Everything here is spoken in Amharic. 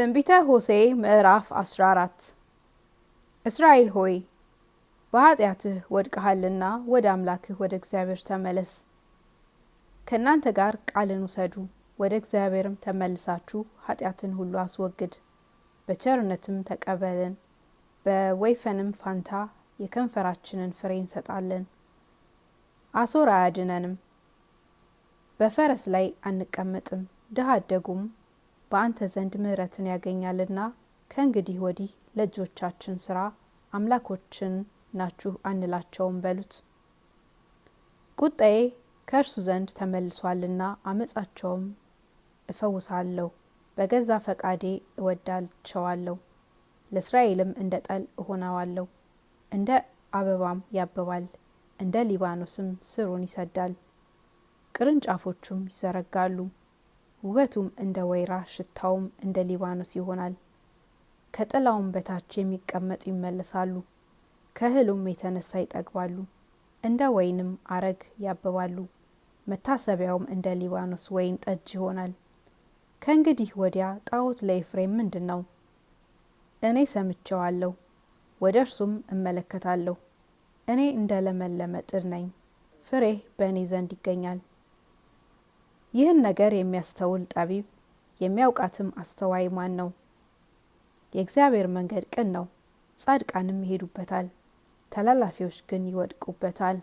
ትንቢተ ሆሴ ምዕራፍ 14 እስራኤል ሆይ በኃጢአትህ ወድቀሃልና ወደ አምላክህ ወደ እግዚአብሔር ተመለስ። ከእናንተ ጋር ቃልን ውሰዱ፣ ወደ እግዚአብሔርም ተመልሳችሁ ኃጢአትን ሁሉ አስወግድ፣ በቸርነትም ተቀበልን፣ በወይፈንም ፋንታ የከንፈራችንን ፍሬ እንሰጣለን። አሶር አያድነንም፣ በፈረስ ላይ አንቀመጥም፣ ድሀ አደጉም በአንተ ዘንድ ምሕረትን ያገኛልና ከእንግዲህ ወዲህ ለእጆቻችን ስራ አምላኮችን ናችሁ አንላቸውም በሉት። ቁጣዬ ከእርሱ ዘንድ ተመልሷልና አመጻቸውም እፈውሳለሁ። በገዛ ፈቃዴ እወዳቸዋለሁ፣ ለእስራኤልም እንደ ጠል እሆነዋለሁ። እንደ አበባም ያብባል፣ እንደ ሊባኖስም ስሩን ይሰዳል፣ ቅርንጫፎቹም ይዘረጋሉ። ውበቱም እንደ ወይራ ሽታውም እንደ ሊባኖስ ይሆናል። ከጥላውም በታች የሚቀመጡ ይመለሳሉ፣ ከእህሉም የተነሳ ይጠግባሉ፣ እንደ ወይንም አረግ ያብባሉ። መታሰቢያውም እንደ ሊባኖስ ወይን ጠጅ ይሆናል። ከእንግዲህ ወዲያ ጣዖት ለኤፍሬም ምንድን ነው? እኔ ሰምቼዋለሁ፣ ወደ እርሱም እመለከታለሁ። እኔ እንደ ለመለመ ጥድ ነኝ፣ ፍሬህ በእኔ ዘንድ ይገኛል። ይህን ነገር የሚያስተውል ጠቢብ የሚያውቃትም አስተዋይ ማን ነው? የእግዚአብሔር መንገድ ቅን ነው፣ ጻድቃንም ይሄዱበታል፣ ተላላፊዎች ግን ይወድቁበታል።